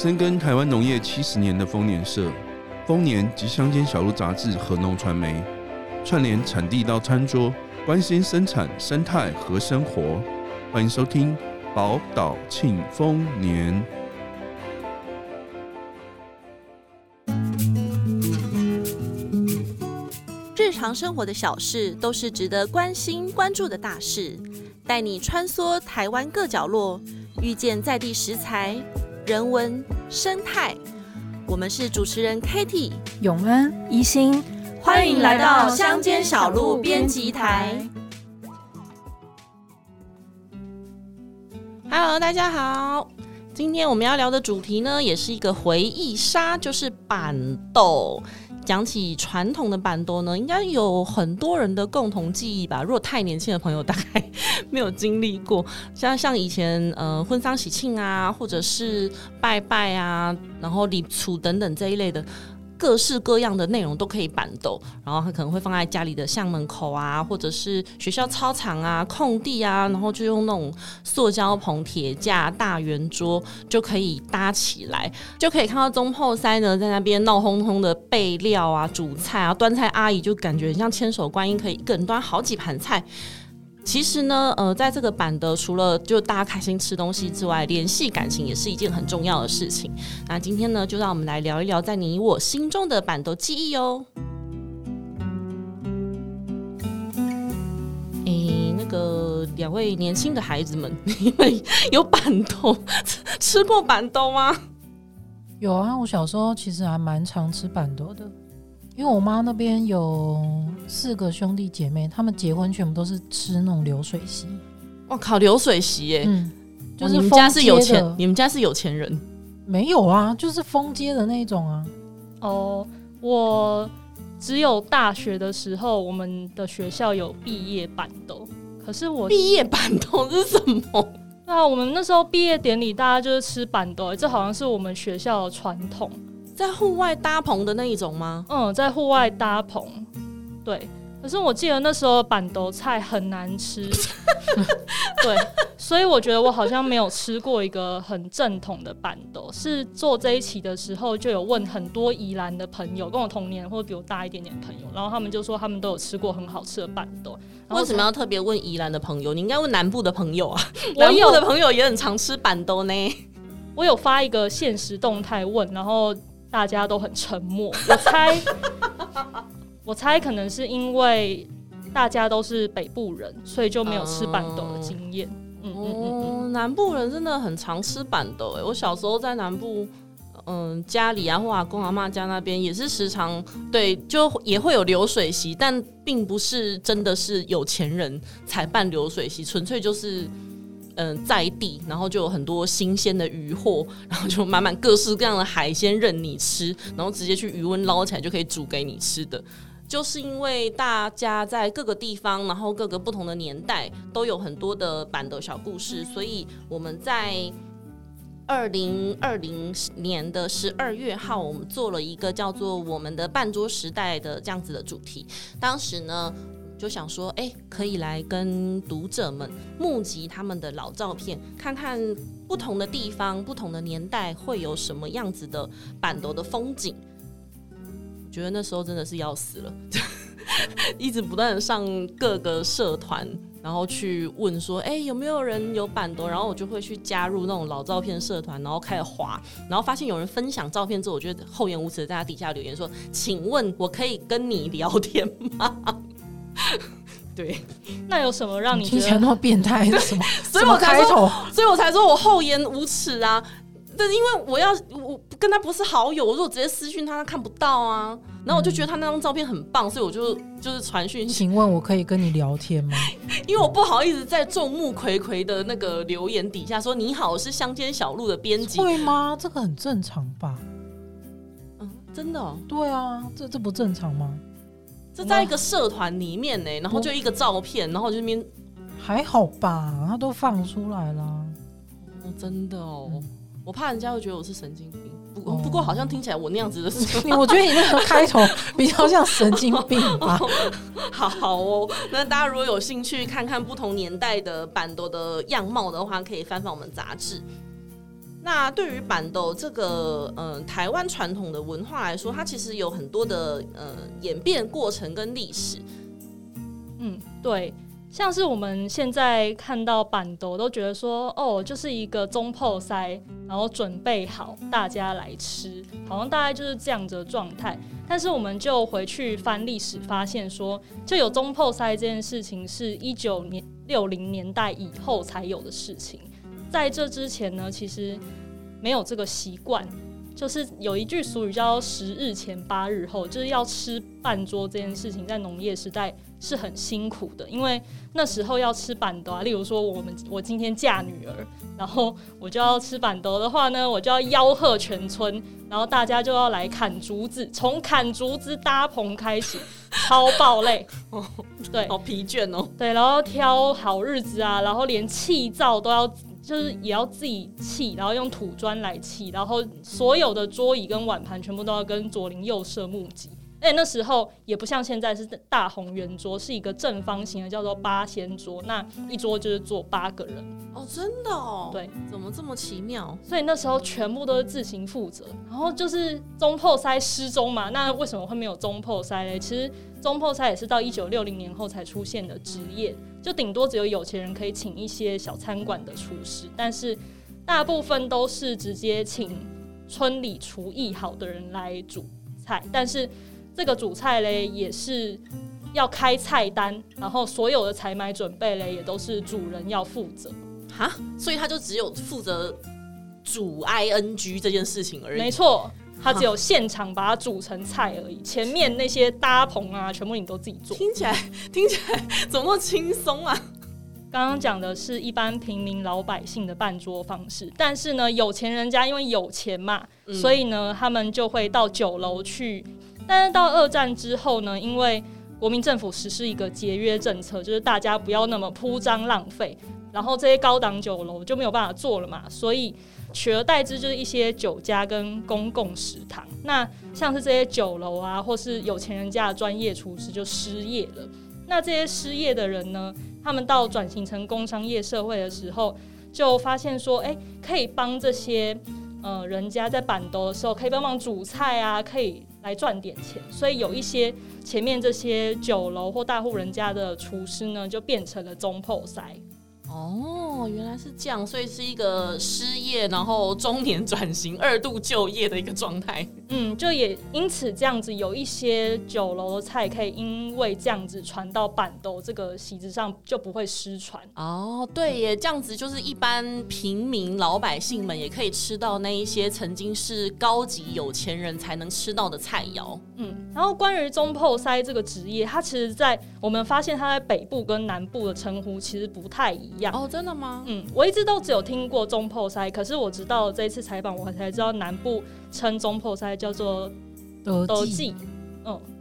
深耕台灣農業七十年的豐年社、豐年及鄉間小路雜誌和農傳媒，串聯產地到餐桌，關心生產、生態和生活。歡迎收聽《寶島慶豐年》。日常生活的小事，都是值得關心關注的大事。帶你穿梭台灣各角落，遇見在地食材。人文生態，我們是主持人 Katie 永恩、一心，歡迎來到鄉間小路編輯台。Hello，大家好，今天我們要聊的主題呢，也是一個回憶殺，就是辦桌。講起傳統的辦桌呢，應該有很多人的共同記憶吧。如果太年輕的朋友，大概沒有經歷過。像像以前呃，婚喪喜慶啊，或者是拜拜啊，然後禮處等等這一類的。各式各樣的內容都可以辦桌，然後他可能會放在家裡的巷門口啊，或者是學校操場啊、空地啊，然後就用那種塑膠棚、鐵架、大圓桌就可以搭起來，就可以看到總舖師呢在那邊鬧哄哄的備料啊、煮菜啊、端菜阿姨就感覺很像千手觀音，可以一個人端好幾盤菜。其實呢，呃，在這個辦桌除了就大家開心吃東西之外，聯繫感情也是一件很重要的事情。那今天呢，就讓我們來聊一聊在你我心中的辦桌記憶哦。哎，那個兩位年輕的孩子們，你們有辦桌吃，吃過辦桌嗎？有啊，我小時候其實還蠻常吃辦桌的。因為我媽那邊有四個兄弟姐妹，他們結婚全部都是吃那種流水席。哇靠，流水席哎，欸，嗯，就是哇你們家是有錢，你們家是有錢人？沒有啊，就是封街的那種啊。哦，我只有大學的時候，我們的學校有畢業辦桌。可是我畢業辦桌是什麼？對啊，我們那時候畢業典禮，大家就是吃辦桌，欸，這好像是我們學校的傳統。在戶外搭棚的那一種嗎？嗯，在戶外搭棚，對。可是我記得那時候辦桌菜很難吃， 對。所以我覺得我好像沒有吃過一個很正統的辦桌。是做這一期的時候就有問很多宜蘭的朋友，跟我同年或者比我大一點點朋友，然後他們就說他們都有吃過很好吃的辦桌。為什麼要特別問宜蘭的朋友？你應該問南部的朋友啊，有 南部的朋友也很常吃辦桌呢。我有發一個限時動態問，然後。大家都很沉默，我猜， 我猜可能是因為大家都是北部人，所以就沒有吃辦桌的經驗。呃、嗯嗯嗯嗯、哦，南部人真的很常吃辦桌。哎，我小時候在南部，嗯、呃，家裡啊或阿公阿媽家那邊也是時常對，就也會有流水席，但並不是真的是有錢人才辦流水席，純粹就是。嗯，在地，然後就有很多新鮮的魚貨，然後就滿滿各式各樣的海鮮任你吃，然後直接去魚塭撈起來就可以煮給你吃的。就是因為大家在各個地方，然後各個不同的年代，都有很多的辦的小故事，所以我們在二零二零年的十二月號，我們做了一個叫做我們的辦桌時代的這樣子的主題。當時呢。就想說，誒、欸，可以來跟讀者們募集他們的老照片，看看不同的地方、不同的年代會有什麼樣子的辦桌的風景。覺得那時候真的是要死了，就一直不斷的上各個社團，然後去問說，誒、欸，有沒有人有辦桌？然後我就會去加入那種老照片社團，然後開始滑。然後發現有人分享照片之後，我覺得厚顏無恥的在他底下留言說：“請問，我可以跟你聊天嗎？” 對，那有什麼讓你聽起來那麼變態的？什麼？ 所以我才說， 所以我才說我厚顏無恥啊！但因為我要我跟他不是好友，我如果直接私訊他，他看不到啊。然後我就覺得他那張照片很棒，所以我就就是傳訊、嗯。請問，我可以跟你聊天嗎？ 因為我不好意思在眾目睽睽睽的那個留言底下說，你好，我是鄉間小路的編輯。會嗎？這個很正常吧？嗯，真的喔？對啊，這這不正常嗎？是在一個社團裡面呢、欸，哇然後就一個照片，哦、然後就那邊還好吧，他都放出來了、哦，真的哦，我怕人家會覺得我是神經病。不過、哦、不過，好像聽起來我那樣子的事情，我覺得你那個開頭比較像神經病吧。 哦哦、好，好、哦，那大家如果有興趣看看不同年代的辦桌的樣貌的話，可以翻翻我們雜誌。那對於辦桌這個，嗯、呃，台灣傳統的文化來說，它其實有很多的，呃，演變過程跟歷史。嗯，對，像是我們現在看到辦桌，都覺得說，哦，就是一個總舖師，然後準備好大家來吃，好像大概就是這樣子的狀態。但是我們就回去翻歷史，發現說，就有總舖師這件事情，是一九六零年代以後才有的事情。在這之前呢，其實。沒有這個習慣，就是有一句俗語叫“十日前八日後”，就是要吃辦桌這件事情，在農業時代是很辛苦的，因為那時候要吃辦桌啊。例如說，我們我今天嫁女兒，然後我就要吃辦桌的話呢，我就要吆喝全村，然後大家就要來砍竹子，從砍竹子搭棚開始， 超爆累，哦、對，好疲倦哦，對，然後挑好日子啊，然後連氣灶都要。就是也要自己砌，然後用土磚來砌，然後所有的桌椅跟碗盤全部都要跟左鄰右舍募集。哎，那時候也不像現在是大紅圓桌，是一個正方形的，叫做八仙桌，那一桌就是坐八個人。哦，真的哦？對，怎麼這麼奇妙？所以那時候全部都是自行負責，然後就是總舖師失蹤嘛。那為什麼會沒有總舖師嘞？其實。總舖師也是到一九六零年後才出現的職業，就頂多只有有錢人可以請一些小餐館的廚師，但是大部分都是直接請村裡廚藝好的人來煮菜。但是這個煮菜嘞，也是要開菜單，然後所有的採買準備嘞，也都是主人要負責。哈，所以他就只有負責煮 ING 這件事情而已。沒錯。他只有現場把它煮成菜而已，前面那些搭棚啊，全部你都自己做。聽起來聽起來怎麼這麼輕鬆啊？剛剛講的是一般平民老百姓的辦桌方式，但是呢，有錢人家因為有錢嘛，所以呢，他們就會到酒樓去。但是到二戰之後呢，因為國民政府實施一個節約政策，就是大家不要那麼鋪張浪費。然後這些高檔酒樓就沒有辦法做了嘛，所以取而代之就是一些酒家跟公共食堂。那像是這些酒樓啊，或是有錢人家的專業廚師就失業了。那這些失業的人呢，他們到轉型成工商業社會的時候，就發現說，哎，可以幫這些呃人家在辦桌的時候，可以幫忙煮菜啊，可以來賺點錢。所以有一些前面這些酒樓或大戶人家的廚師呢，就變成了總舖師。哦，原來是這樣，所以是一個失業，然後中年轉型二度就業的一個狀態。嗯，就也因此這樣子，有一些酒樓的菜可以因為這樣子傳到辦桌，這個席子上，就不會失傳。哦，對也這樣子就是一般平民老百姓們也可以吃到那一些曾經是高級有錢人才能吃到的菜餚。嗯，然後關於總舖師這個職業，它其實在，在我們發現它在北部跟南部的稱呼其實不太一樣。哦，真的嗎？嗯，我一直都只有聽過總舖師，可是我直到這一次採訪我才知道南部稱總舖師叫做德記濟、哦，嗯，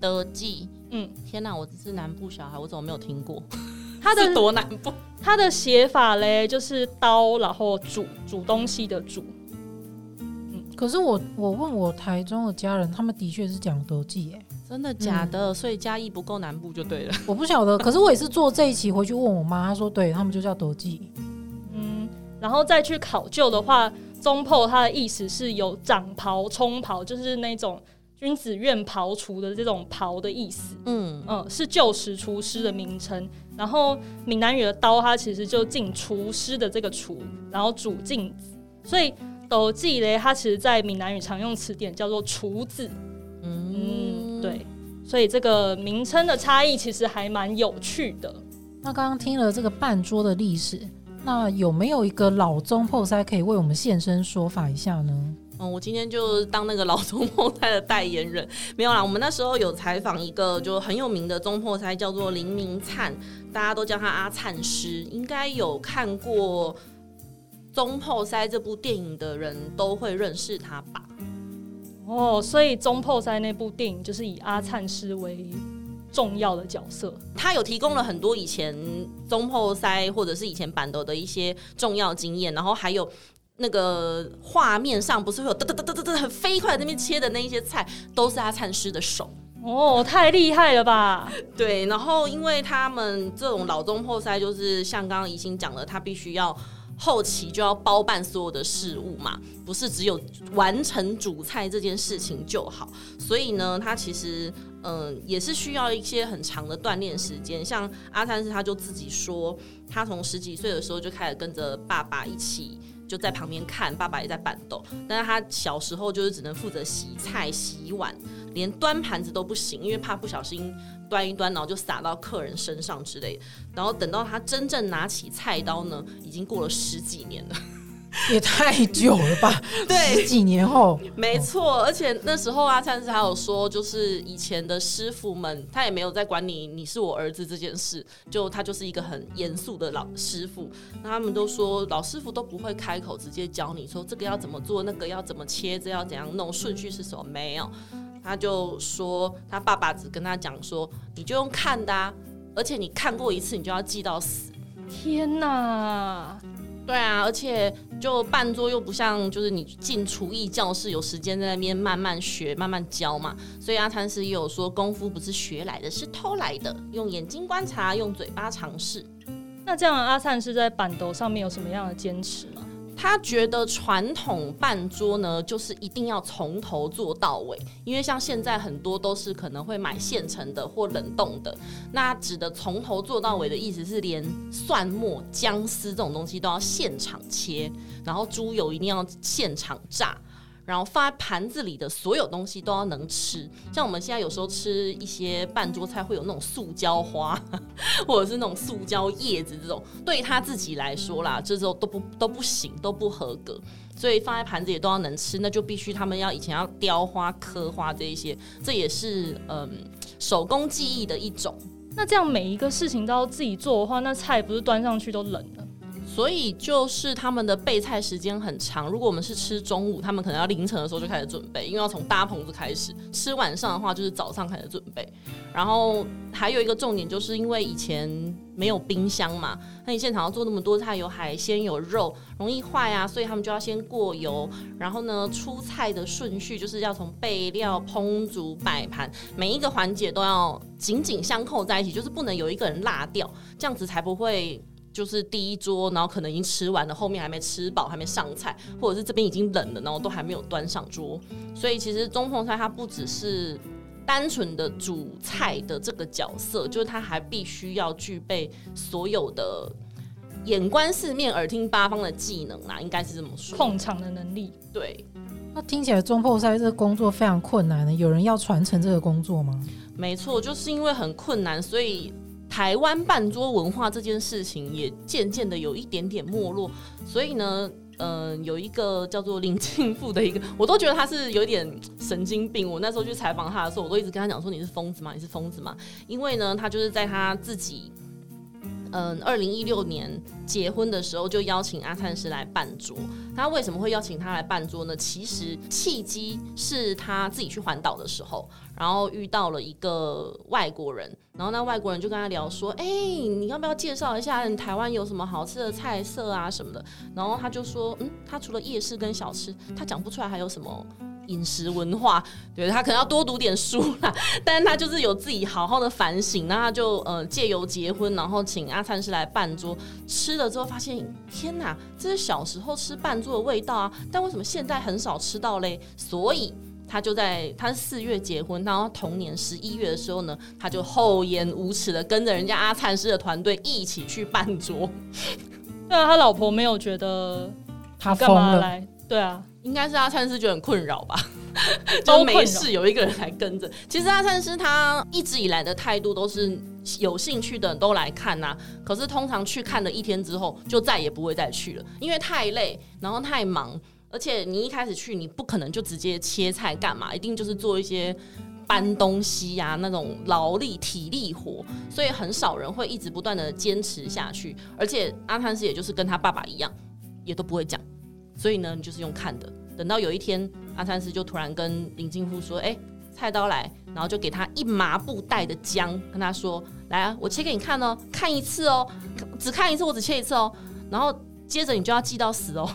德記，嗯，天哪、啊，我是南部小孩，我怎麼沒有聽過？他的多南部是，他的寫法嘞，就是刀，然後煮煮東西的煮，嗯、可是我我問我台中的家人，他們的確是講德記耶、欸。真的假的？嗯、所以嘉義不夠南部就對了。我不曉得， 可是我也是做這一期回去問我媽，她說對他們就叫刀煮。嗯，然後再去考究的話，總舖它的意思是有掌庖、沖庖，就是那種君子遠庖廚的這種庖的意思。嗯嗯，呃、是舊時廚師的名稱。然後閩南語的刀，它其實就進廚師的這個廚，然後煮鏡子。所以刀煮嘞，它其實在閩南語常用詞典叫做廚子。嗯。嗯對，所以這個名稱的差異其實還蠻有趣的。那剛剛聽了這個辦桌的歷史，那有沒有一個老總舖師可以為我們現身說法一下呢？嗯，我今天就當那個老總舖師的代言人。沒有啦。我們那時候有採訪一個就很有名的總舖師，叫做林明燦，大家都叫他阿燦師。應該有看過《總舖師》這部電影的人都會認識他吧。哦，oh, 所以總舖師那部電影就是以阿燦師為重要的角色，他有提供了很多以前總舖師或者是以前辦桌的一些重要經驗，然後還有那個畫面上不是會有噠噠噠噠噠很飛快那邊切的那一些菜，都是阿燦師的手。哦，oh, 太厲害了吧？對，然後因為他們這種老總舖師，就是像剛剛怡欣講的，他必須要。後期就要包辦所有的事物嘛，不是只有完成主菜這件事情就好。所以呢，他其實嗯、呃、也是需要一些很長的鍛鍊時間。像阿三師，他就自己說，他從十幾歲的時候就開始跟着爸爸一起就在旁邊看，爸爸也在辦桌，但是他小時候就是只能負責洗菜洗碗，連端盤子都不行，因為怕不小心。端一端，然後就撒到客人身上之類的。然後等到他真正拿起菜刀呢，已經過了十幾年了，也太久了吧？ 對，十幾年後沒錯，而且那時候啊，阿燦子還有說，就是以前的師傅們，他也沒有在管你，你是我兒子這件事。就他就是一個很嚴肅的老師傅，那他們都說老師傅都不會開口直接教你說，這個要怎麼做，那個要怎麼切，這要怎樣弄，順序是什麼？沒有。他就說，他爸爸只跟他講說，你就用看的，啊，而且你看過一次，你就要記到死。天哪！對啊，而且就辦桌又不像，就是你進廚藝教室有時間在那邊慢慢學、慢慢教嘛。所以阿燦師也有說，功夫不是學來的，是偷來的，用眼睛觀察，用嘴巴嘗試。那這樣，阿燦是，是在辦桌上面有什麼樣的堅持？他覺得傳統辦桌呢，就是一定要從頭做到尾，因為像現在很多都是可能會買現成的或冷凍的。那指的從頭做到尾的意思是，連蒜末、薑絲這種東西都要現場切，然後豬油一定要現場炸。然後放在盤子裡的所有東西都要能吃，像我們現在有時候吃一些辦桌菜，會有那種塑膠花，或者是那種塑膠葉子，這種對他自己來說啦，這種都不都不行，都不合格，所以放在盤子裡都要能吃，那就必須他們要以前要雕花，刻花這一些，這也是嗯手工技藝的一種。那這樣每一個事情都要自己做的話，那菜不是端上去都冷了？所以就是他們的備菜時間很長。如果我們是吃中午，他們可能要凌晨的時候就開始準備，因為要從搭棚子開始；吃晚上的話，就是早上開始準備。然後還有一個重點，就是因為以前沒有冰箱嘛，那你現場要做那麼多菜，有海鮮有肉，容易壞啊，所以他們就要先過油。然後呢，出菜的順序就是要從備料、烹煮、擺盤，每一個環節都要緊緊相扣在一起，就是不能有一個人落掉，這樣子才不會。就是第一桌，然後可能已經吃完了，後面還沒吃飽，還沒上菜，或者是這邊已經冷了，然後都還沒有端上桌。所以其實總舖師它不只是單純的煮菜的這個角色，就是它還必須要具備所有的眼觀四面、耳聽八方的技能啦、啊，應該是這麼說。控場的能力，對。那聽起來總舖師這個工作非常困難呢？有人要傳承這個工作嗎？沒錯，就是因為很困難，所以。臺灣辦桌文化這件事情也漸漸的有一點點沒落，所以呢，嗯、呃，有一個叫做林慶富的一個，我都覺得他是有一點神經病。我那時候去採訪他的時候，我都一直跟他講說：“你是瘋子嗎？你是瘋子嗎？”因為呢，他就是在他自己，嗯、呃，二零一六年結婚的時候就邀請阿燦師來辦桌。他為什麼會邀請他來辦桌呢？其實契機是他自己去環島的時候。然後遇到了一個外國人，然後那外國人就跟他聊說：“哎、欸，你要不要介紹一下你台灣有什麼好吃的菜色啊什麼的？”然後他就說：“嗯，他除了夜市跟小吃，他講不出來還有什麼飲食文化。對，他可能要多讀點書啦。但是他就是有自己好好的反省，那他就呃借由結婚，然後請阿燦師來辦桌，吃了之後發現，天哪，這是小時候吃辦桌的味道啊！但為什麼現在很少吃到嘞？所以。”他就在他四月結婚，然後同年十一月的時候呢，他就厚顏無恥的跟着人家阿燦師的團隊一起去辦桌。對啊，他老婆沒有覺得他幹嘛來？對啊，應該是阿燦師覺得很困擾吧？都沒事，有一個人來跟着。其實阿燦師他一直以來的態度都是有興趣的都來看吶，啊，可是通常去看了一天之後，就再也不會再去了，因為太累，然後太忙。而且你一開始去，你不可能就直接切菜幹嘛，一定就是做一些搬東西呀、啊、那種勞力體力活，所以很少人會一直不斷的堅持下去。而且阿三師也就是跟他爸爸一樣，也都不會講，所以呢，你就是用看的。等到有一天阿三師就突然跟林靜夫說：“哎、欸，菜刀來。”然後就給他一麻布袋的薑，跟他說：“來啊，我切給你看哦，看一次哦，只看一次，我只切一次哦。”然後接着你就要記到死哦。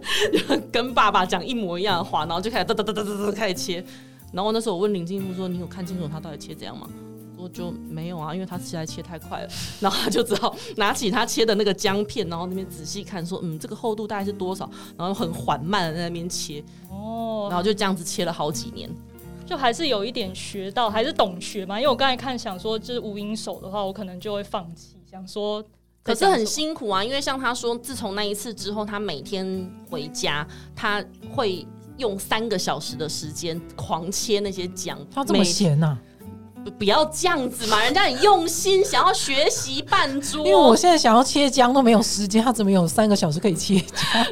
跟爸爸講一模一樣的話，然後就開始噠噠噠噠噠噠開始切，然後那時候我問林靜夫說：“你有看清楚他到底切怎樣嗎？”我就沒有啊，因為他現在切太快了，然後他就只好拿起他切的那個薑片，然後那邊仔細看，說：“嗯，這個厚度大概是多少？”然後很緩慢的在那邊切，哦，然後就這樣子切了好幾年，就還是有一點學到，還是懂學嘛。因為我剛才看想說，就是無影手的話，我可能就會放棄，想說。可是很辛苦啊，因為像他說，自從那一次之後，他每天回家他會用三個小時的時間狂切那些薑。他這麼閒吶、啊？不要這樣子嘛！ 人家很用心，想要學習辦桌、喔。因為我現在想要切薑都沒有時間，他怎麼有三個小時可以切薑？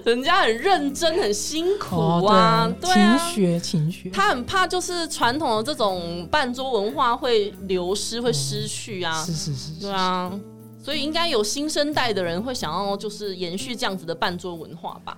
人家很認真，很辛苦啊！勤學勤學，學他很怕就是傳統的這種辦桌文化會流失，會失去啊！嗯、是，是，是是是，對啊。所以應該有新生代的人會想要就是延續這樣子的辦桌文化吧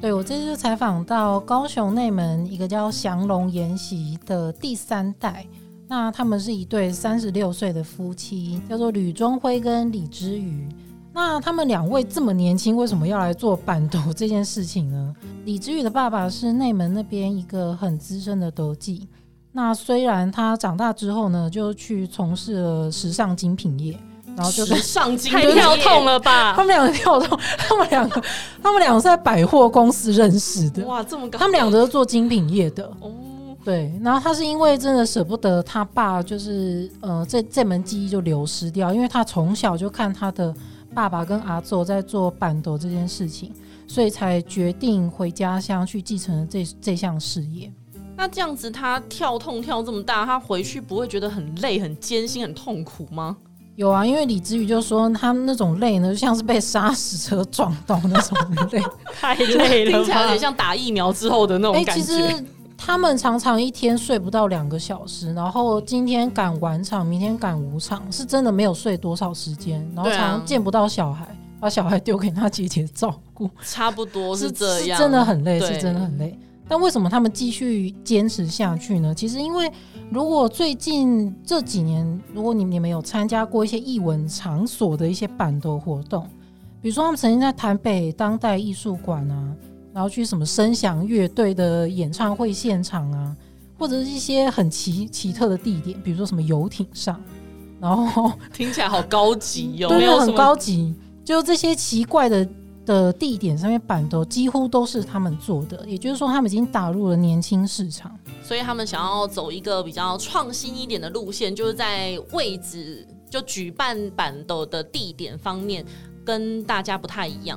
對。對我這次採訪到高雄內門一個叫祥龍筵席的第三代，那他們是一對三十六歲的夫妻，叫做呂忠輝跟李之宇。那他們兩位這麼年輕，為什麼要來做辦桌這件事情呢？李之宇的爸爸是內門那邊一個很資深的德技，那雖然他長大之後呢，就去從事了時尚精品業。然後就是上金，太跳痛了吧？ 他們兩個跳痛，他們兩個， 他們兩個是在百貨公司認識的。哇，這麼高，他們兩個是做精品業的哦。對，然後他是因為真的捨不得他爸，就是呃，這這門技藝就流失掉，因為他從小就看他的爸爸跟阿祖在做辦桌這件事情，所以才決定回家鄉去繼承這這項事業。那這樣子他跳痛跳這麼大，他回去不會覺得很累、很艱辛、很痛苦嗎？有啊，因為李子宇就說他們那種累呢，就像是被砂石車撞到那種累， 太累了， 聽起來有點像打疫苗之後的那種感覺。哎、欸，其實他們常常一天睡不到兩個小時，然後今天趕晚場，明天趕午場，是真的沒有睡多少時間，然後常見不到小孩，把小孩丟給他姐姐照顧，差不多是這樣，真的很累，對是真的很累。但為什麼他們繼續堅持下去呢？其實因為。如果最近這幾年，如果你們你們有參加過一些藝文場所的一些辦桌活動，比如說他們曾經在台北當代藝術館啊，然後去什麼聲響樂隊的演唱會現場啊，或者是一些很奇奇特的地點，比如說什麼遊艇上，然後聽起來好高級喲、哦， 對沒有很高級，就這些奇怪的。的地點上面辦桌，幾乎都是他們做的，也就是說他們已經打入了年輕市場，所以他們想要走一個比較創新一點的路線，就是在位置就舉辦辦桌的地點方面跟大家不太一樣。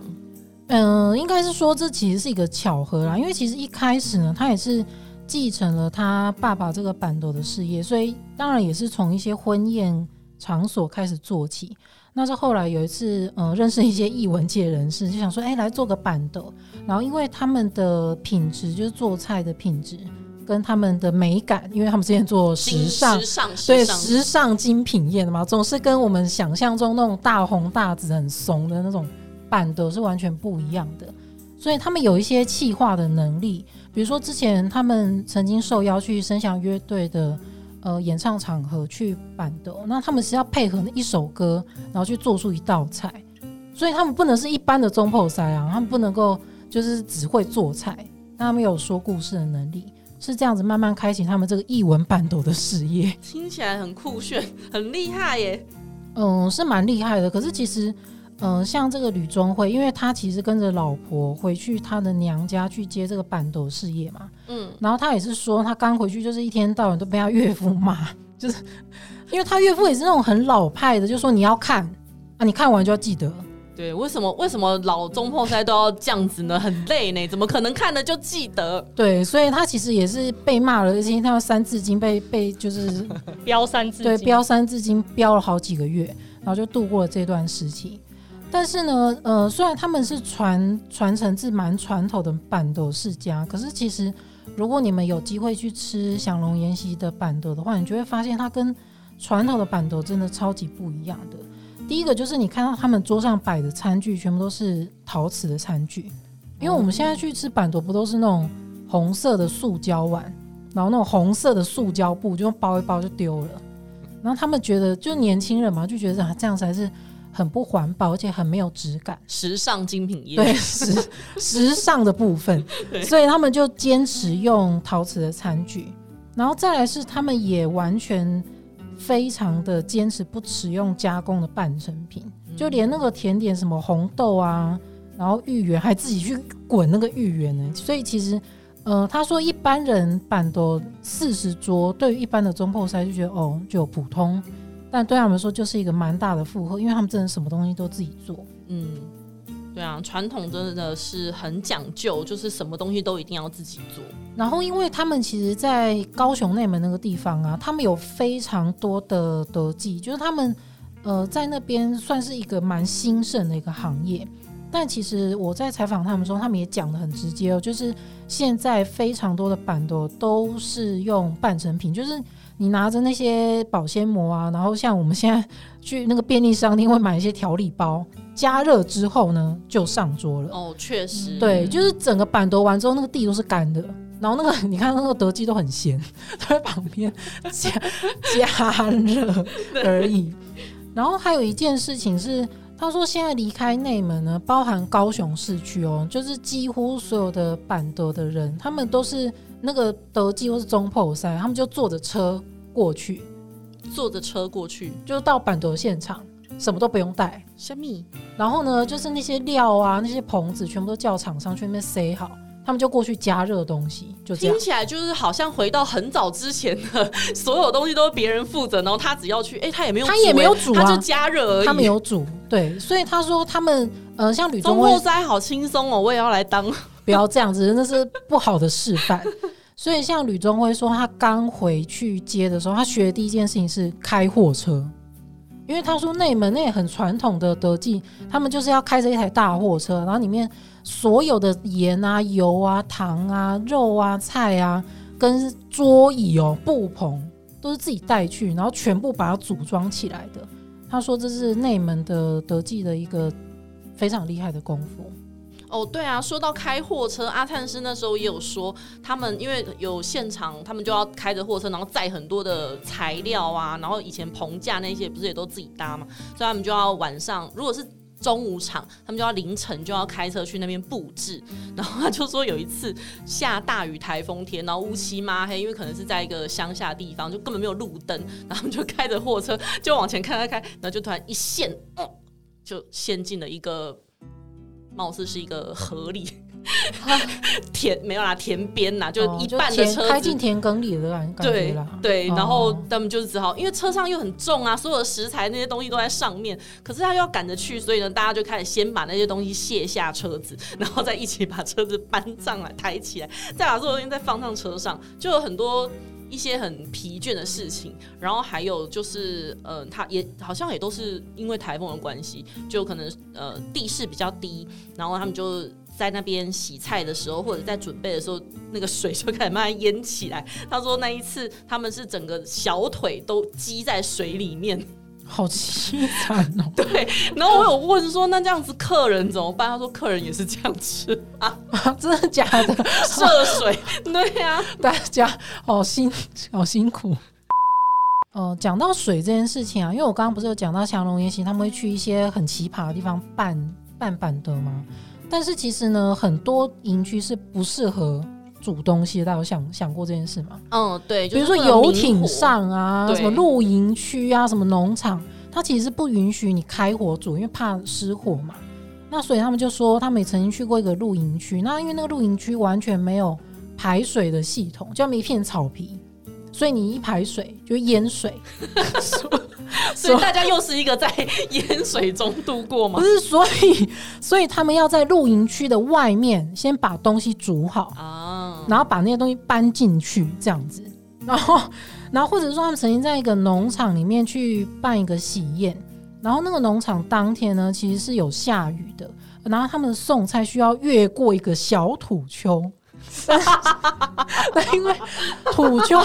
嗯、呃，應該是說，這其實是一個巧合啦，因為其實一開始呢，他也是繼承了他爸爸這個辦桌的事業，所以當然也是從一些婚宴場所開始做起。那是後來有一次，嗯、呃，認識一些藝文界人士，就想說，哎、欸，來做個辦桌。然後因為他們的品質，就是做菜的品質，跟他們的美感，因為他們之前做時尚，時尚對時尚精品業的嘛，總是跟我們想象中那種大紅大紫、很慫的那種辦桌是完全不一樣的。所以他們有一些企劃的能力，比如說之前他們曾經受邀去生祥樂隊的。呃，演唱場合去辦桌，那他們是要配合一首歌，然後去做出一道菜，所以他們不能是一般的總舖師啊，他們不能夠就是只會做菜，那他們有說故事的能力，是這樣子慢慢開啟他們這個藝文辦桌的事業。聽起來很酷炫，很厲害耶！嗯，是蠻厲害的，可是其實。嗯，像這個呂宗會，因為他其實跟着老婆回去他的娘家去接這個辦桌事業嘛，嗯，然後他也是說，他剛回去就是一天到晚都被他岳父罵，就是因為他岳父也是那種很老派的，就說你要看啊，你看完就要記得。對，為什麼為什麼老總舖師都要這樣子呢？很累呢， 怎麼可能看了就記得？對，所以他其實也是被罵了一些，因為他有三字經被被就是飆三字，對，飆三字經飆了好幾個月，然後就度過了這段時期。但是呢，呃，雖然他們是傳傳承自蠻傳統的辦桌世家，可是其實如果你們有機會去吃祥龍筵席的辦桌的話，你就會發現它跟傳統的辦桌真的超級不一樣的。第一個就是你看到他們桌上擺的餐具全部都是陶瓷的餐具，因為我們現在去吃辦桌不都是那種紅色的塑膠碗，然後那種紅色的塑膠布就包一包就丟了，然後他們覺得就年輕人嘛，就覺得啊，這樣子還是。很不環保，而且很沒有質感。時尚精品業。對， 時時尚的部分， 對所以他們就堅持用陶瓷的餐具，然後再來是他們也完全非常的堅持不使用加工的半成品，嗯、就連那個甜點什麼紅豆啊，然後芋圓還自己去滾那個芋圓呢。所以其實，呃，他說一般人辦的四十桌，對於一般的總舖師就覺得哦就普通，但對他們說，就是一個蠻大的負荷，因為他們真的什麼東西都自己做。嗯，對啊，傳統真的是很講究，就是什麼東西都一定要自己做。然後，因為他們其實，在高雄內門那個地方啊，他們有非常多的德技，就是他們呃在那邊算是一個蠻興盛的一個行業。但其實我在採訪他們說，他們也講得很直接哦，就是現在非常多的辦桌都是用半成品，就是。你拿着那些保鮮膜啊，然後像我們現在去那個便利商店會買一些調理包，加熱之後呢就上桌了。哦，確實，對，就是整個辦桌完之後，那個地都是乾的，然後那個你看那個德基都很鹹，都在旁邊 加，加熱而已。 然後還有一件事情是。他說：“現在離開內門呢，包含高雄市區哦，就是幾乎所有的辦桌的人，他們都是那個德記或是中破山，他們就坐着車過去，坐着車過去，就到辦桌現場，什麼都不用帶，蝦米麼。然後呢，就是那些料啊，那些棚子，全部都叫廠商去那邊塞好。”他們就過去加熱東西，就這樣聽起來就是好像回到很早之前的，所有東西都是別人負責，然後他只要去，哎、欸，他也沒有、欸，他也沒有煮啊，他就加熱而已。他們有煮，對，所以他說他們呃，像呂中輝，塞好輕鬆哦，我也要來當，不要這樣子，那是不好的示範。 所以像呂中輝說，他剛回去接的時候，他學的第一件事情是開貨車。因為他說內門那也很傳統的德記，他們就是要開着一台大貨車，然後裡面所有的鹽啊、油啊、糖啊、肉啊、菜啊，跟桌椅哦、布棚都是自己帶去，然後全部把它組裝起來的。他說這是內門的德記的一個非常厲害的功夫。哦，oh, 對啊，說到開貨車，阿探師那時候也有說，他們因為有現場，他們就要開着貨車，然後載很多的材料啊，然後以前棚架那些不是也都自己搭嘛，所以他們就要晚上，如果是中午場，他們就要凌晨就要開車去那邊布置。然後他就說有一次下大雨台風天，然後烏漆嘛黑，因為可能是在一個鄉下地方，就根本沒有路燈，然後他們就開着貨車就往前開開開，然後就突然一陷，嗯，就陷進了一個。貌似是一個河裡哈 田，沒有啦，田邊啦，就一半的車、哦、開進田埂裡了。對對，然後他們就是只好，因為車上又很重啊，所有的食材那些東西都在上面，可是他又要趕着去，所以呢，大家就開始先把那些東西卸下車子，然後再一起把車子搬上來、抬起來，再把所有東西再放上車上，就有很多。一些很疲倦的事情，然後還有就是，呃，他也好像也都是因為台風的關係，就可能呃地勢比較低，然後他們就在那邊洗菜的時候，或者在準備的時候，那個水就開始慢慢淹起來。他說那一次他們是整個小腿都積在水裡面。好淒慘哦、喔！對，然後我有問說，那這樣子客人怎麼辦？他說客人也是這樣吃啊，啊，真的假的？涉水？對啊，大家好辛好辛苦。哦、呃，講到水這件事情啊，因為我剛剛不是有講到祥龍也行他們會去一些很奇葩的地方辦辦辦的嗎？但是其實呢，很多營區是不適合。煮東西，大家有想想過這件事嗎？嗯，對，就是、比如說遊艇上啊，對什麼露營區啊，什麼農場，它其實是不允許你開火煮，因為怕失火嘛。那所以他們就說，他們也曾經去過一個露營區，那因為那個露營區完全沒有排水的系統，就那麼一片草皮，所以你一排水就淹水。 所以大家又是一個在淹水中度過嗎？不是，所以所以他們要在露營區的外面先把東西煮好啊，哦、然後把那些東西搬進去這樣子。然後，然後或者是說他們曾經在一個農場裡面去辦一個喜宴，然後那個農場當天呢其實是有下雨的，然後他們的送菜需要越過一個小土丘，因為土丘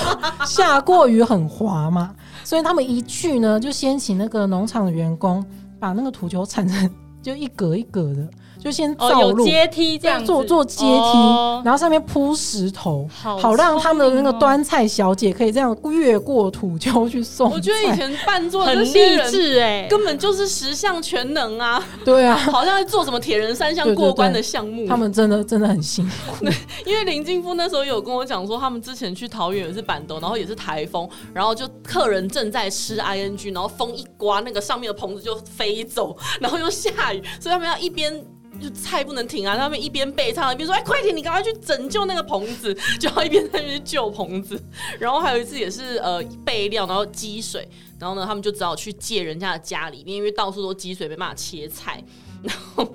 下過雨很滑嘛。所以他們一去呢，就先請那個農場的員工把那個土球鏟成。就一格一格的，就先造路，階、哦、梯這樣做做階梯，哦、然後上面鋪石頭，好，哦、好讓他們的那個端菜小姐可以這樣越過土丘去送。我覺得以前辦桌很勵志哎，根本就是十項全能啊！欸、對啊，好像做什麼鐵人三項過關的項目對對對。他們真的真的很辛苦， 因為林金夫那時候有跟我講說，他們之前去桃園也是辦桌，然後也是台風，然後就客人正在吃 ing，然後風一刮，那個上面的棚子就飛走，然後又下。所以他們要一邊就菜不能停啊，他們一邊備菜，一邊說：“哎、欸，快點，你趕快去拯救那個棚子！”就要一邊在那邊去救棚子。然後還有一次也是呃備料，然後積水，然後呢，他們就只好去借人家的家裡面，因為到處都積水，沒辦法切菜。然後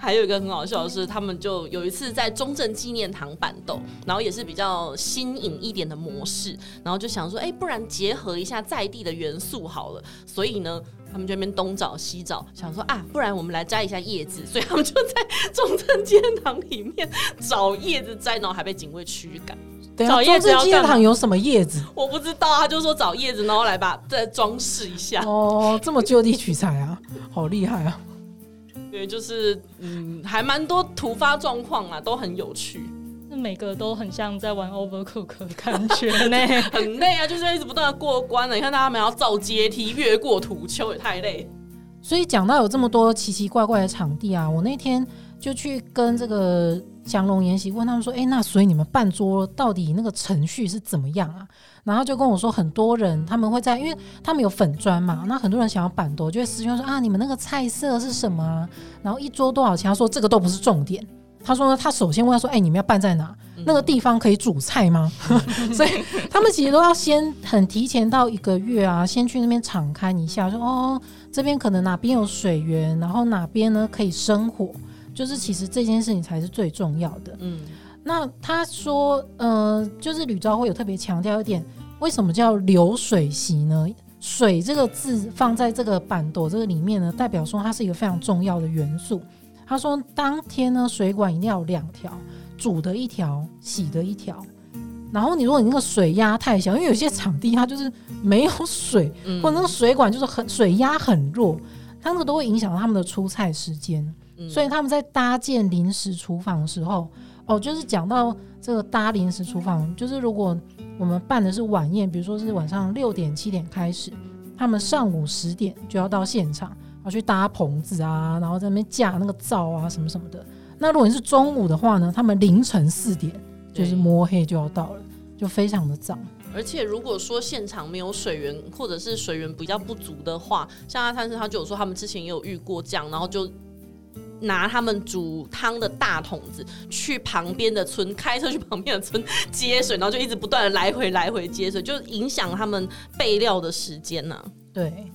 還有一個很好笑的是，他們就有一次在中正紀念堂辦桌，然後也是比較新穎一點的模式，然後就想說：“哎、欸，不然結合一下在地的元素好了。”所以呢。他們就在那邊東找西找，想說啊，不然我們來摘一下葉子，所以他們就在中正紀念堂裡面找葉子摘，然後還被警衛驅趕。等下，中正紀念堂有什麼葉子？我不知道，他就說找葉子，然後來把再裝飾一下。哦，這麼就地取材啊， 好厲害啊！對，就是嗯，還蠻多突發狀況啊，都很有趣。是每個都很像在玩 Overcook 的感覺很累、很累啊，就是一直不斷的過關了。你看他們要造階梯、越過土丘，也太累。所以講到有這麼多奇奇怪怪的場地啊，我那天就去跟這個祥龍研習問他們說：“哎、欸，那所以你們辦桌到底那個程序是怎麼樣啊？”然後就跟我說，很多人他們會在，因為他們有粉專嘛，那很多人想要辦桌，就會師兄說：“啊，你們那個菜色是什麼？然後一桌多少錢？”他說：“這個都不是重點。”他說呢：“他首先問他說，哎、欸，你們要辦在哪？那個地方可以煮菜嗎？ 所以他們其實都要先很提前到一個月啊，先去那邊敞開一下，說哦，這邊可能哪邊有水源，然後哪邊呢可以生火，就是其實這件事情才是最重要的。”嗯，那他說：“呃，就是呂昭會有特別強調一點，為什麼叫流水席呢？水這個字放在這個辦桌這個裡面呢，代表說它是一個非常重要的元素。”他說：“當天呢，水管一定要兩條，煮的一條，洗的一條。然後你如果你那個水壓太小，因為有些場地它就是沒有水，或者那個水管就是很水壓很弱，他們都會影響到他們的出菜時間。所以他們在搭建臨時廚房的時候，哦，就是講到這個搭臨時廚房，就是如果我們辦的是晚宴，比如說是晚上六點、七點開始，他們上午十點就要到現場。”要去搭棚子啊，然後在那邊架那個灶啊，什麼什麼的。那如果你是中午的話呢，他們凌晨四點就是摸黑就要到了，對就非常的早。而且如果說現場沒有水源，或者是水源比較不足的話，像阿三師他就有說他們之前也有遇過這樣，然後就拿他們煮湯的大桶子去旁邊的村開車去旁邊的村接水，然後就一直不斷的來回來回接水，就影響他們備料的時間呢、啊。對。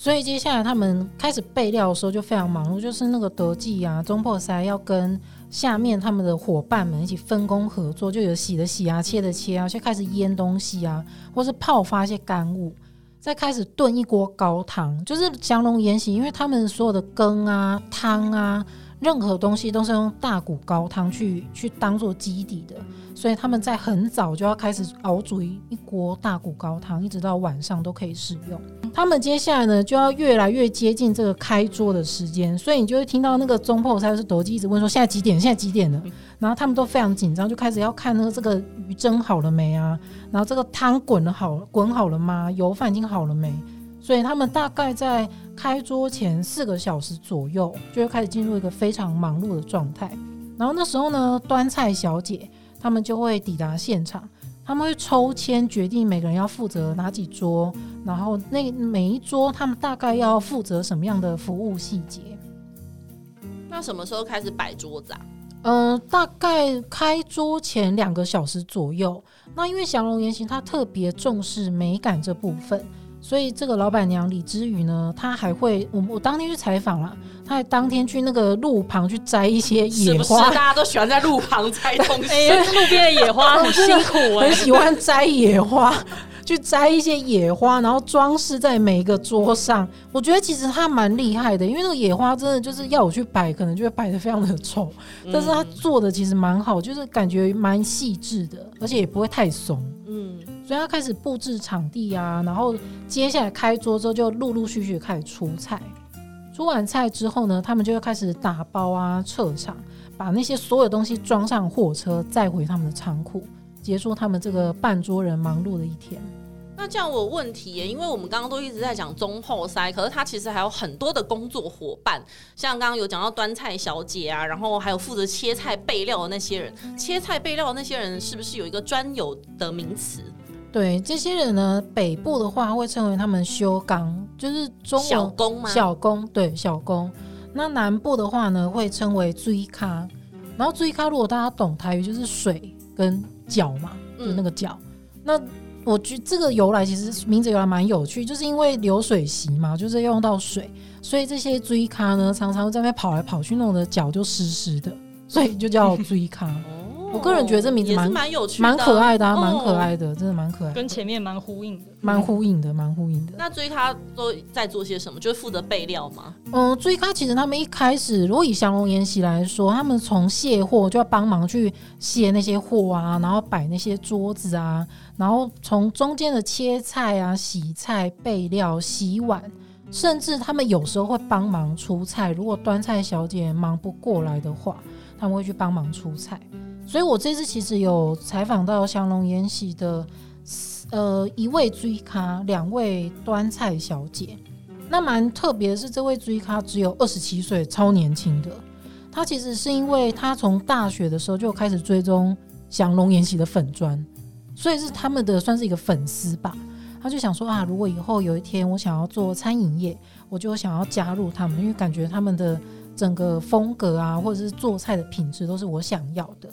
所以接下來他們開始備料的時候就非常忙碌，就是那個德記啊、中破塞要跟下面他們的夥伴們一起分工合作，就有洗的洗啊、切的切啊，就開始醃東西啊，或是泡發一些乾物，再開始燉一鍋高湯，就是降龍延禧，因為他們所有的羹啊、湯啊。任何東西都是用大骨高湯去去當做基底的，所以他們在很早就要開始熬煮一一鍋大骨高湯，一直到晚上都可以使用。他們接下來呢，就要越來越接近這個開桌的時間，所以你就會聽到那個中破菜，就是德基一直問說現在幾點？現在幾點了？然後他們都非常緊張，就開始要看那個這個魚蒸好了沒啊？然後這個湯滾了好，好滾好了嗎？油飯已經好了沒？所以他們大概在。開桌前四個小時左右就會開始進入一個非常忙碌的狀態，然後那時候呢，端菜小姐他們就會抵達現場，他們會抽籤決定每個人要負責哪幾桌，然後那每一桌他們大概要負責什麼樣的服務細節。那什麼時候開始擺桌子啊？嗯，呃，大概開桌前兩個小時左右。那因為祥龍宴席他特別重視美感這部分。所以這個老闆娘李之宇呢，她還會，我我當天去採訪了，她還當天去那個路旁去摘一些野花。是不是大家都喜歡在路旁摘東西、 欸， 路邊的野花很辛苦啊、欸， 很喜歡摘野花， 去摘一些野花，然後裝飾在每一個桌上。我覺得其實她蠻厲害的，因為那個野花真的就是要我去擺，可能就會擺得非常的醜，嗯、但是她做的其實蠻好，就是感覺蠻細緻的，而且也不會太鬆，嗯。所以要開始布置場地啊，然後接下來開桌之後就陸陸續續開始出菜。出完菜之後呢，他們就要開始打包啊、撤場，把那些所有東西裝上貨車，載回他們的倉庫，結束他們這個辦桌人忙碌的一天。那這樣我有問題耶，因為我們剛剛都一直在講總舖師，可是他其實還有很多的工作夥伴，像剛剛有講到端菜小姐啊，然後還有負責切菜備料的那些人。切菜備料的那些人是不是有一個專有的名詞？對，這些人呢，北部的話會稱為他們修工，就是中小工嘛。小工對小工。那南部的話呢，會稱為水腳。然後水腳，如果大家懂台語，就是水跟腳嘛，就是、那個腳。嗯、那我覺得這個由來其實名字由來蠻有趣，就是因為流水席嘛，就是要用到水，所以這些水腳呢，常常在那邊跑來跑去，弄得腳就濕濕的，所以就叫水腳。 我個人覺得這名字蠻蠻有趣、蠻、啊、可愛的、啊，蠻可愛的，真的蠻可愛，跟前面蠻呼應的，蠻、嗯、呼應的，蠻呼應的。那水腳都在做些什麼？就是負責備料嗎？嗯，水腳其實他們一開始，如果以祥龍宴席來說，他們從卸貨就要幫忙去卸那些貨啊，然後擺那些桌子啊，然後從中間的切菜啊、洗菜、備料、洗碗，甚至他們有時候會幫忙出菜，如果端菜小姐忙不過來的話，他們會去幫忙出菜。所以我這次其實有採訪到祥龍宴席的呃一位追咖，兩位端菜小姐。那蠻特別的是，這位追咖只有二十七歲，超年輕的。他其實是因為他從大學的時候就開始追蹤祥龍宴席的粉專，所以是他們的算是一個粉絲吧。他就想說啊，如果以後有一天我想要做餐飲業，我就想要加入他們，因為感覺他們的整個風格啊，或者是做菜的品質都是我想要的。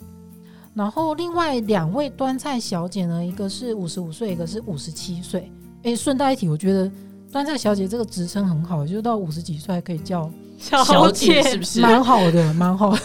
然後另外兩位端菜小姐呢，一個是五十五歲，一個是五十七歲。哎，順帶一提，我覺得端菜小姐這個職稱很好，就到五十幾歲還可以叫小姐，小姐是不是？蠻好的，蠻好的。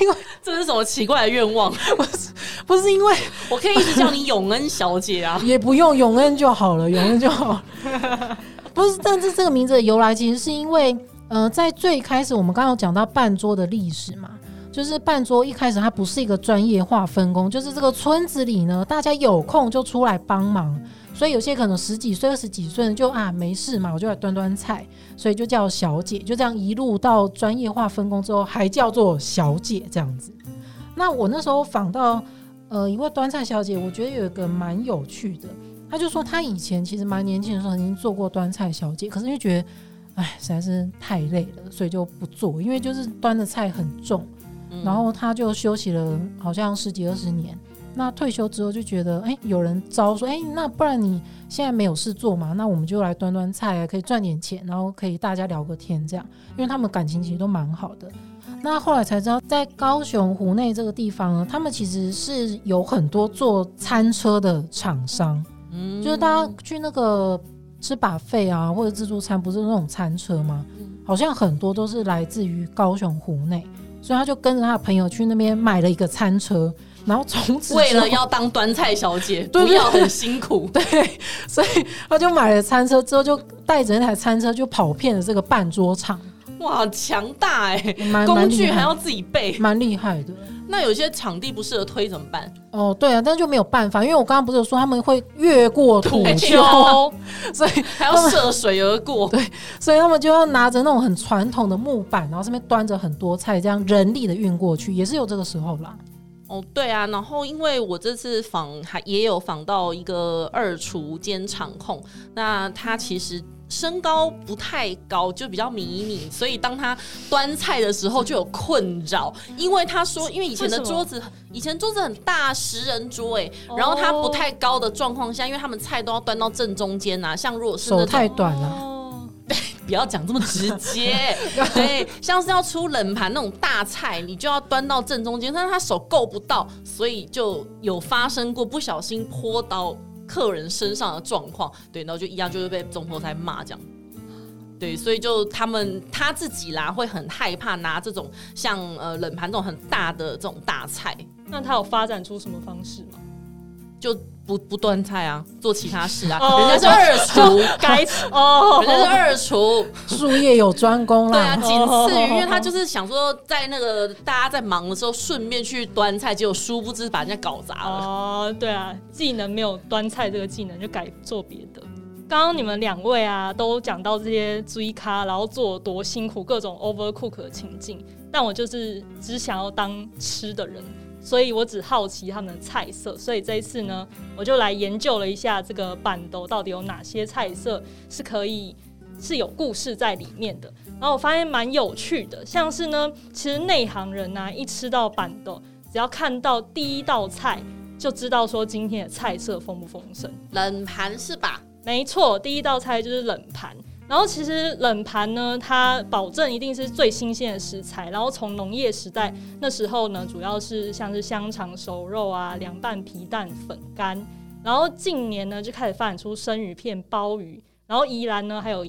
因為 這是什麼奇怪的願望？不是，不是因為我可以一直叫你永恩小姐啊，呃、也不用永恩就好了，永恩就好了。不是，但是這個名字的由來其實是因為，呃，在最開始我們剛剛講到辦桌的歷史嘛。就是辦桌一開始它不是一個專業化分工，就是這個村子裡呢，大家有空就出來幫忙，所以有些可能十幾歲、二十幾歲就啊沒事嘛，我就來端端菜，所以就叫小姐，就這樣一路到專業化分工之後還叫做小姐這樣子。那我那時候訪到呃一位端菜小姐，我覺得有一個蠻有趣的，她就說，她以前其實蠻年輕的時候曾經做過端菜小姐，可是因為覺得哎實在是太累了，所以就不做，因為就是端的菜很重。然後他就休息了，好像十幾二十年。那退休之後就覺得，哎，有人招說，哎，那不然你現在沒有事做嘛？那我們就來端端菜啊，可以賺點錢，然後可以大家聊個天這樣。因為他們感情其實都蠻好的。那後來才知道，在高雄湖內這個地方呢，他們其實是有很多做餐車的廠商，就是大家去那個吃 buffet 啊或者自助餐，不是那種餐車嗎？好像很多都是來自於高雄湖內。所以他就跟着他的朋友去那邊買了一個餐車，然後從此就為了要當端菜小姐， 不要很辛苦，對，所以他就買了餐車之後，就帶着那台餐車就跑遍了這個辦桌場。哇，強大哎，工具還要自己背，蠻厲害的。那有些場地不適合推怎麼辦？哦，對啊，但是就沒有辦法，因為我剛剛不是說他們會越過土丘，所以還要涉水而過，對，所以他們就要拿着那種很傳統的木板，然後上面端着很多菜，這樣人力的運過去，也是有這個時候啦。哦，對啊，然後因為我這次訪還也有訪到一個二廚兼場控，那他其實。身高不太高，就比較迷你，所以當他端菜的時候就有困擾。嗯、因為他說，因為以前的桌子，以前桌子很大，十人桌，欸、哎、哦，然後他不太高的狀況下，因為他們菜都要端到正中間啊，像如果是手太短了，哦， 不要講這麼直接、欸， 對，像是要出冷盤那種大菜，你就要端到正中間，但是他手夠不到，所以就有發生過不小心潑到。客人身上的狀況，對，然後就一樣，就是被總舖師罵這樣，對，所以就他們他自己啦，會很害怕拿這種像呃冷盤這種很大的這種大菜，那他有發展出什麼方式嗎？就不不端菜啊，做其他事啊。人家是二廚， 該哦，人家是二廚，術業有專攻啊，對啊，僅次於，因為他就是想說，在那個大家在忙的時候，順便去端菜，結果殊不知把人家搞砸了。哦，對啊，技能沒有端菜這個技能，就改做別的。剛剛你們兩位啊，都講到這些水腳，然後做多辛苦，各種 overcook 的情境。但我就是只想要當吃的人。所以我只好奇他們的菜色，所以這一次呢，我就來研究了一下這個辦桌到底有哪些菜色是可以是有故事在裡面的。然後我發現蠻有趣的，像是呢，其實內行人呢、啊，一吃到辦桌，只要看到第一道菜，就知道說今天的菜色豐不豐盛。冷盤是吧？沒錯，第一道菜就是冷盤。然後其實冷盤呢，它保證一定是最新鮮的食材。然後從農業時代那時候呢，主要是像是香腸、熟肉啊、涼拌皮蛋、粉干。然後近年呢，就開始發展出生魚片、鮑魚。然後宜蘭呢，還有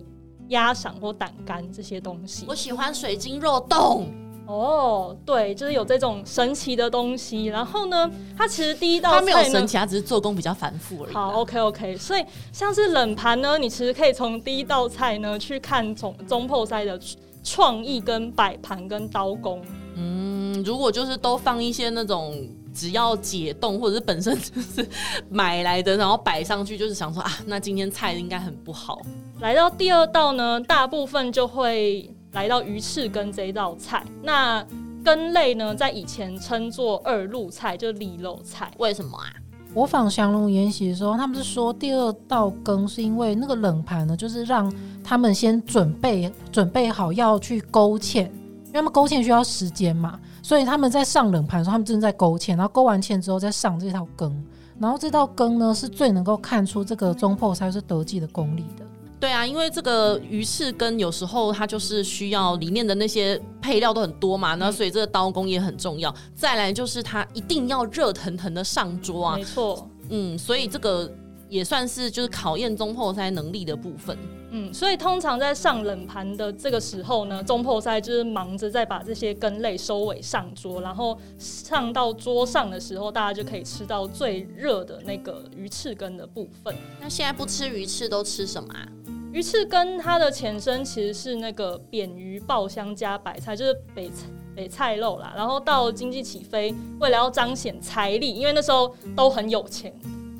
鴨賞或膽肝這些東西。我喜歡水晶肉凍。哦，oh，對，就是有這種神奇的東西。然後呢，它其實第一道菜沒有神奇，它只是做工比較繁複而已。好，OK，OK。所以像是冷盤呢，你其實可以從第一道菜呢去看總舖師的創意跟擺盤跟刀工。嗯，如果就是都放一些那種只要解凍或者是本身就是買來的，然後擺上去，就是想說啊，那今天菜應該很不好。來到第二道呢，大部分就會。來到魚翅羹這一道菜，那羹類呢，在以前稱作二路菜，就是、里路菜。為什麼啊？我訪香龍宴席的時候，他們是說第二道羹是因為那個冷盤呢，就是讓他們先準備準備好要去勾芡，因為他們勾芡需要時間嘛，所以他們在上冷盤的時候，他們正在勾芡，然後勾完芡之後再上這道羹，然後這道羹呢，是最能夠看出這個總舖師，就是德技的功力的。對啊，因為這個魚翅羹有時候它就是需要裡面的那些配料都很多嘛，那所以這個刀工也很重要。再來就是它一定要熱騰騰的上桌啊，沒錯，嗯，所以這個也算是就是考驗總舖師能力的部分。嗯，所以通常在上冷盤的這個時候呢，總舖師就是忙着在把這些羹類收尾上桌，然後上到桌上的時候，大家就可以吃到最熱的那個魚翅羹的部分。那現在不吃魚翅都吃什麼啊？魚翅羹，它的前身其實是那個扁魚爆香加白菜，就是北北菜肉啦。然後到經濟起飛，為了要彰顯財力，因為那時候都很有錢，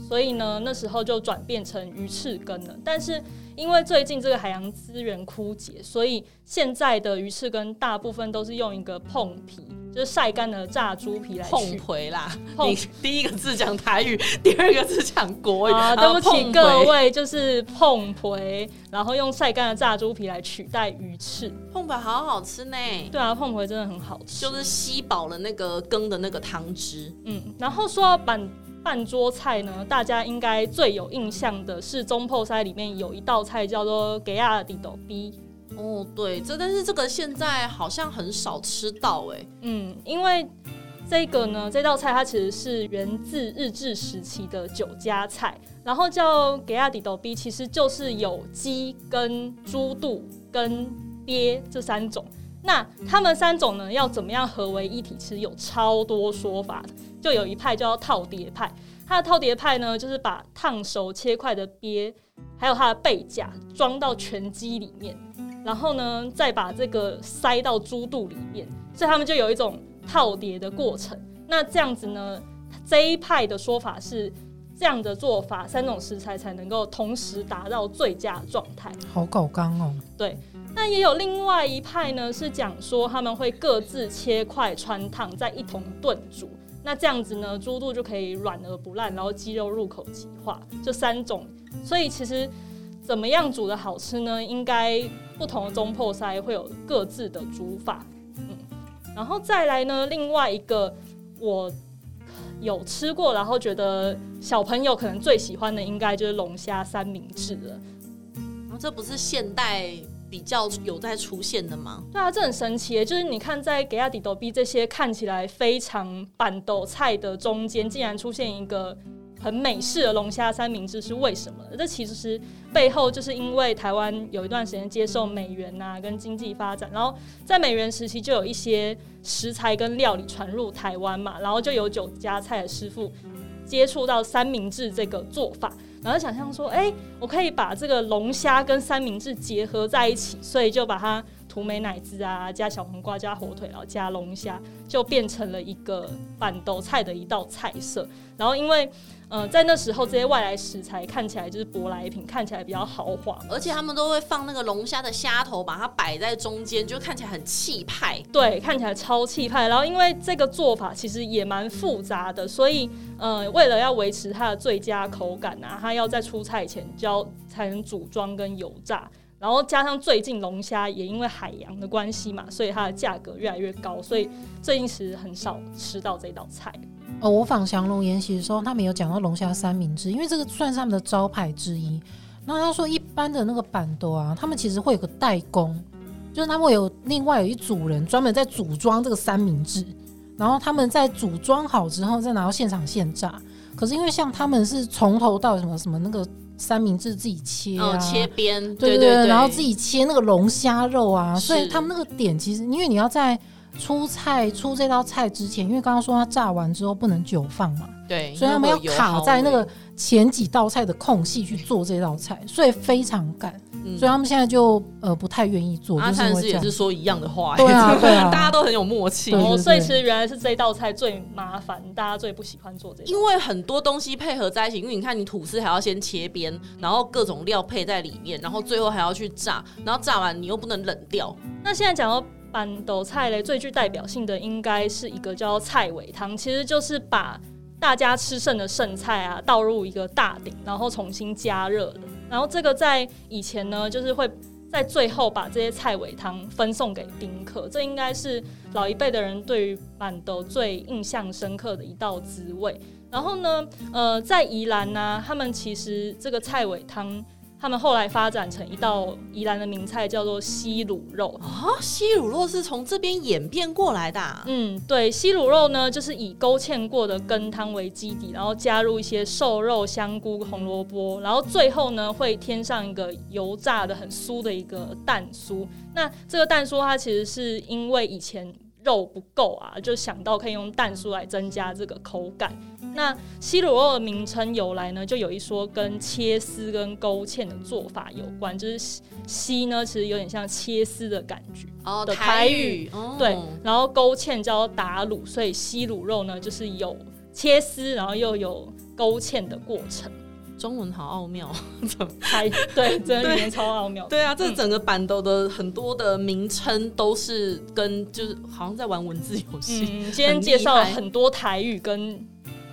所以呢那時候就轉變成魚翅羹了。但是因為最近這個海洋資源枯竭，所以現在的魚翅羹大部分都是用一個碰皮。就是曬乾的炸豬皮來膨皮啦培！第一個字講台語，第二個字講國語。好、啊啊、對不起培各位，就是膨皮，然後用曬乾的炸豬皮來取代魚翅。膨皮好好吃呢？嗯，對啊，膨皮真的很好吃，就是吸飽了那個羹的那個湯汁。嗯，然後說到辦辦桌菜呢，大家應該最有印象的是中泡菜裡面有一道菜叫做給亞地豆皮。哦，對，這但是這個現在好像很少吃到誒，嗯，因為這個呢，這道菜它其實是源自日治時期的酒家菜，然後叫給阿底豆皮，b, 其實就是有雞跟豬肚跟鱉，跟鱉這三種。那他們三種呢，要怎麼樣合為一體吃？其實有超多說法的，就有一派叫套疊派，它的套疊派呢，就是把燙熟切塊的鱉還有它的背甲裝到全雞裡面。然後呢，再把這個塞到豬肚裡面，所以他們就有一種套疊的過程。那這樣子呢，這一派的說法是這樣的做法，三種食材才能夠同時達到最佳狀態。好搞剛哦，對。那也有另外一派呢，是講說他們會各自切塊穿燙，再一同燉煮。那這樣子呢，豬肚就可以軟而不爛，然後雞肉入口即化。這三種，所以其實怎麼樣煮的好吃呢？應該。不同的總舖師會有各自的煮法，嗯，然後再來呢，另外一個我有吃過，然後覺得小朋友可能最喜歡的應該就是龍蝦三明治了。然後這不是現代比較有在出現的嗎？對啊，這很神奇，就是你看在雞仔豬肚鱉這些看起來非常辦桌菜的中間，竟然出現一個。很美式的龍蝦三明治是為什麼？這其實是背後就是因為台灣有一段時間接受美援吶、啊，跟經濟發展，然後在美援時期就有一些食材跟料理傳入台灣嘛，然後就有酒家菜的師傅接觸到三明治這個做法，然後想象說，哎、欸，我可以把這個龍蝦跟三明治結合在一起，所以就把它塗美乃滋啊，加小黃瓜，加火腿，然後加龍蝦，就變成了一個辦桌菜的一道菜色，然後因為。嗯、呃，在那時候，這些外來食材看起來就是舶來品，看起來比較豪華，而且他們都會放那個龍蝦的蝦頭，把它擺在中間，就看起來很氣派。對，看起來超氣派。然後，因為這個做法其實也蠻複雜的，所以，呃，為了要維持它的最佳口感啊，它要在出菜前就要才能組裝跟油炸。然後，加上最近龍蝦也因為海洋的關係嘛，所以它的價格越來越高，所以最近其實很少吃到這道菜。呃、哦，我訪祥龍宴席的時候，他們有講到龍蝦三明治，因為這個算是他們的招牌之一。那他說一般的那個辦桌啊，他們其實會有個代工，就是他們會有另外有一組人專門在組裝這個三明治，然後他們在組裝好之後再拿到現場現炸。可是因為像他們是從頭到什麼什麼那個三明治自己切，啊，哦，切邊，對對對，對對對，然後自己切那個龍蝦肉啊，是所以他們那個點其實因為你要在。出菜出這道菜之前，因為剛剛說它炸完之後不能久放嘛，對，有所以他們要卡在那個前幾道菜的空隙去做這道菜，所以非常趕。嗯，所以他們現在就呃不太願意做。阿燦師也是說一樣的話，對，對，啊對啊，大家都很有默契。對對對。哦，所以其實原來是這道菜最麻煩，大家最不喜歡做這道菜。因為很多東西配合在一起，因為你看你吐司還要先切邊，然後各種料配在裡面，然後最後還要去炸，然後炸完你又不能冷掉。那現在講到。辦桌菜嘞，最具代表性的應該是一個叫菜尾湯，其實就是把大家吃剩的剩菜啊倒入一個大鼎，然後重新加熱的。然後這個在以前呢，就是會在最後把這些菜尾湯分送給賓客，這應該是老一輩的人對於辦桌最印象深刻的一道滋味。然後呢，呃，在宜蘭呢、啊，他們其實這個菜尾湯，他們後來發展成一道宜蘭的名菜，叫做西魯肉啊。西魯肉是從這邊演變過來的。嗯，對，西魯肉呢，就是以勾芡過的羹湯為基底，然後加入一些瘦肉、香菇、紅蘿蔔，然後最後呢，會添上一個油炸的很酥的一個蛋酥。那這個蛋酥，它其實是因為以前。肉不夠啊，就想到可以用蛋酥來增加這個口感。那西魯肉的名稱由來呢，就有一說跟切絲跟勾芡的做法有關，就是西呢其實有點像切絲的感覺、oh, 的台語，台語、oh. 對，然後勾芡叫打滷，所以西魯肉呢就是有切絲，然後又有勾芡的過程。中文好奧妙，怎麼猜？對，真的裡面超奧妙對。對啊，這整個辦桌的很多的名稱都是跟、嗯、就是好像在玩文字遊戲、嗯。今天介紹了很多台語跟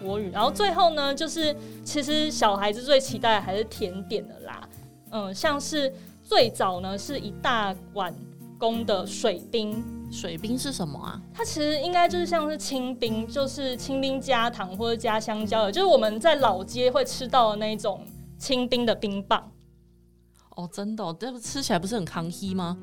國語，嗯、然後最後呢，就是其實小孩子最期待的還是甜點的啦。嗯，像是最早呢是一大碗公的水冰。水冰是什麼啊？它其實應該就是像是清冰，就是清冰加糖或者加香蕉的，就是我們在老街會吃到的那一種清冰的冰棒。哦，真的、哦，這吃起來不是很康熙嗎？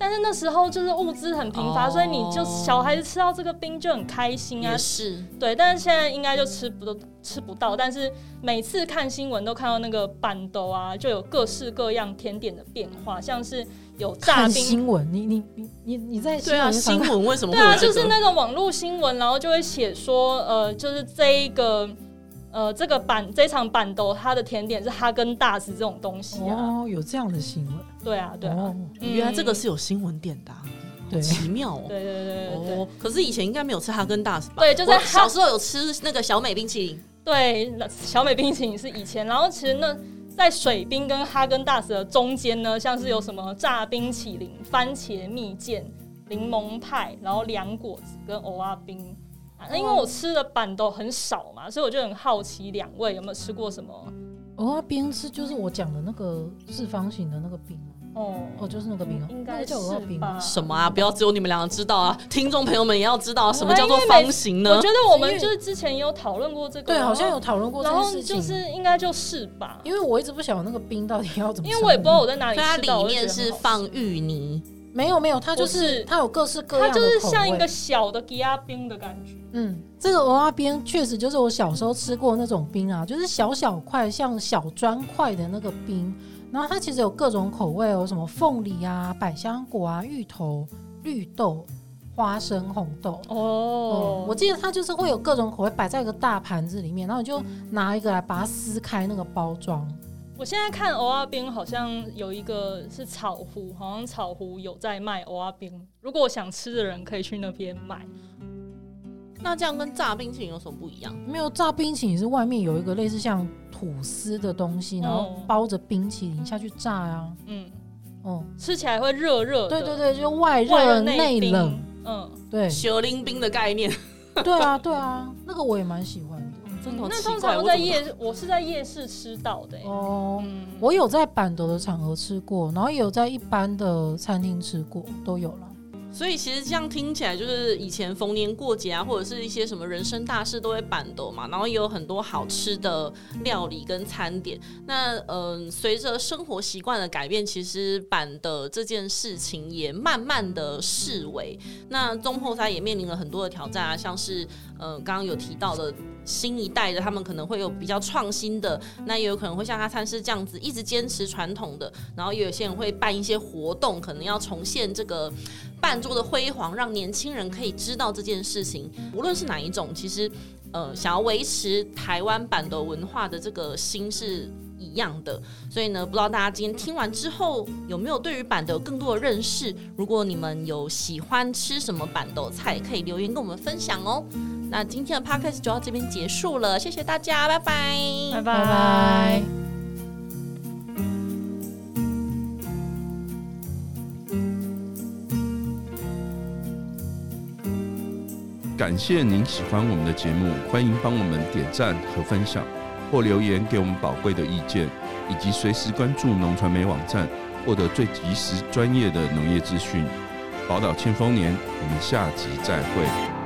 但是那時候就是物資很貧乏，哦、所以你就小孩子吃到這個冰就很開心啊。是，對。但是現在應該就吃不吃不到，但是每次看新聞都看到那個辦桌啊，就有各式各樣甜點的變化，像是。有炸看新聞？你你你你你在嘗嘗？對啊，新聞為什麼、這個？對啊，就是那個網絡新聞，然後就會寫說，呃，就是這一個，嗯、呃，這個辦這一場辦桌，它的甜點是哈根達斯這種東西、啊、哦，有這樣的新聞？對啊，對啊，哦嗯、原來這個是有新聞點的、啊，奇妙、哦、對，對對對對、哦、可是以前應該沒有吃哈根達斯吧？對，就是小時候有吃那個小美冰淇淋。對，小美冰淇淋是以前，然後其實那。嗯在水冰跟哈根達斯的中間呢，像是有什麼炸冰淇淋、番茄蜜餞、檸檬派，然後涼果子跟歐啊冰。那因為我吃的辦都很少嘛，所以我就很好奇兩位有沒有吃過什麼歐啊冰？是就是我講的那個四方形的那個冰。哦，哦，就是那個冰哦？啊，應該是吧？是叫冰啊？什麼啊？不要只有你們兩個知道啊！聽眾朋友們也要知道，啊、什麼叫做方形呢？我？我覺得我們就是之前有討論過這個，對，好像有討論過這個，就是應該就是吧？因為我一直不曉得那個冰到底要怎麼，因為我也不知道我在哪裡吃，吃它裡面是放芋泥，沒有沒有，它就是，是它有各式各樣的，它就是像一個小的枝仔冰的感覺。嗯，這個枝仔冰確實就是我小時候吃過那種冰啊，就是小小塊像小磚塊的那個冰。然後它其實有各種口味，有什麼鳳梨啊、百香果啊、芋頭、綠豆、花生、紅豆哦。Oh. 嗯。我記得它就是會有各種口味擺在一個大盤子裡面，然後我就拿一個來把它撕開那個包裝。我現在看歐阿冰好像有一個是草糊，好像草糊有在賣歐阿冰。如果我想吃的人可以去那邊買。那這樣跟炸冰淇淋有什麼不一樣？沒有，炸冰淇淋是外面有一個類似像吐司的東西，然後包着冰淇淋下去炸啊。嗯，哦，吃起來會熱熱。對對對，就外熱內冷。嗯，對，雪靈冰的概念。對啊，對啊，那個我也蠻喜歡的，真的。那通常在夜，我是在夜市吃到的。哦，我有在辦桌的場合吃過，然後也有在一般的餐廳吃過，都有了。所以其實這樣聽起來，就是以前逢年過節啊，或者是一些什麼人生大事都會辦桌嘛，然後也有很多好吃的料理跟餐點。那嗯、呃，隨着生活習慣的改變，其實辦桌這件事情也慢慢的式微。那總舖師也面臨了很多的挑戰啊，像是。呃，剛剛有提到的新一代的，他們可能會有比較創新的，那也有可能會像他參師這樣子，一直堅持傳統的，然後也有些人會辦一些活動，可能要重現這個辦桌的輝煌，讓年輕人可以知道這件事情。無論是哪一種，其實呃，想要維持台灣辦桌文化的這個心意。一樣的，所以呢，不知道大家今天聽完之後有沒有對於辦桌有更多的認識？如果你們有喜歡吃什麼辦桌菜，可以留言跟我們分享哦。那今天的 podcast 就到這邊結束了，謝謝大家，拜拜，拜拜拜。Bye bye 感謝您喜歡我們的節目，歡迎幫我們點讚和分享。或留言給我們寶貴的意見，以及隨時關注農傳媒網站，獲得最及時專業的農業資訊。寶島慶豐年，我們下集再會。